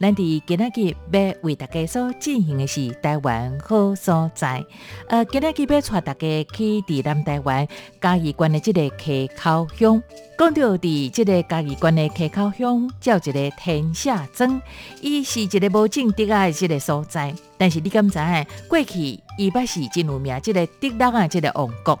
咱哋今仔日，要為大家所進行的是台灣好所在。呃，今仔日，要帶大家去咱台灣嘉義縣嘅這個溪口鄉。講着佇這個嘉義縣嘅溪口鄉叫一個天赦莊，伊是一個無種竹仔嘅一個所在，但是你敢知影？過去伊捌是真有名，一個竹仔嘅一個王國。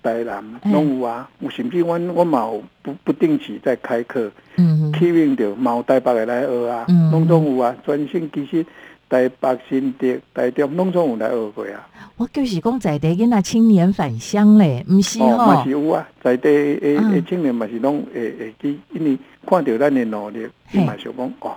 大人攏有啊，甚至我我嘛不不定期在開課，吸引着嘛有大伯來學啊，攏、嗯、總有啊。專心其實大伯先得，大點攏總有來學過啊。我就是講在地囡仔青年返鄉嘞，唔是哦，嘛是有啊，在地誒誒、嗯、青年嘛是攏會會去，因為看着咱的努力，伊嘛想講哦。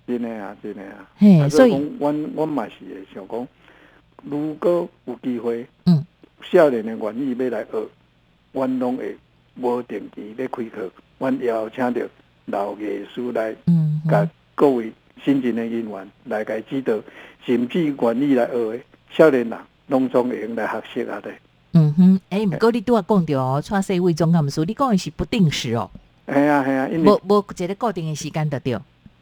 真誒啊，真誒啊、hey, 啊！所以，我我，我也是會想講，如果有機會，嗯，少年人願意要來學，我攏會不定期來開課。我邀請到老藝師來，嗯，甲各位新進的人員來開指導，甚至願意來學誒。少年人攏總會用來學習啊咧。嗯哼，誒、欸，唔、喔，過啲都話講到，川西位中暗數，你講是不定時哦、喔。係啊係啊，因為無無一個固定嘅時間得着。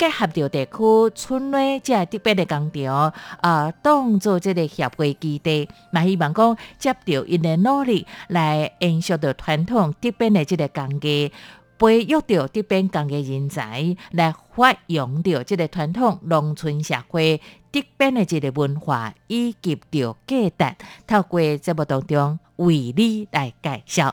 結合着地區村內即係特別的工場，誒，當做即個協會基地，嘛，希望講接着因的努力，來延續着傳統，特別的即個工藝，培育着特別工藝人才，來發揚着即個傳統農村社會，特別的即個文化以及着價值，透過節目當中為你來介紹。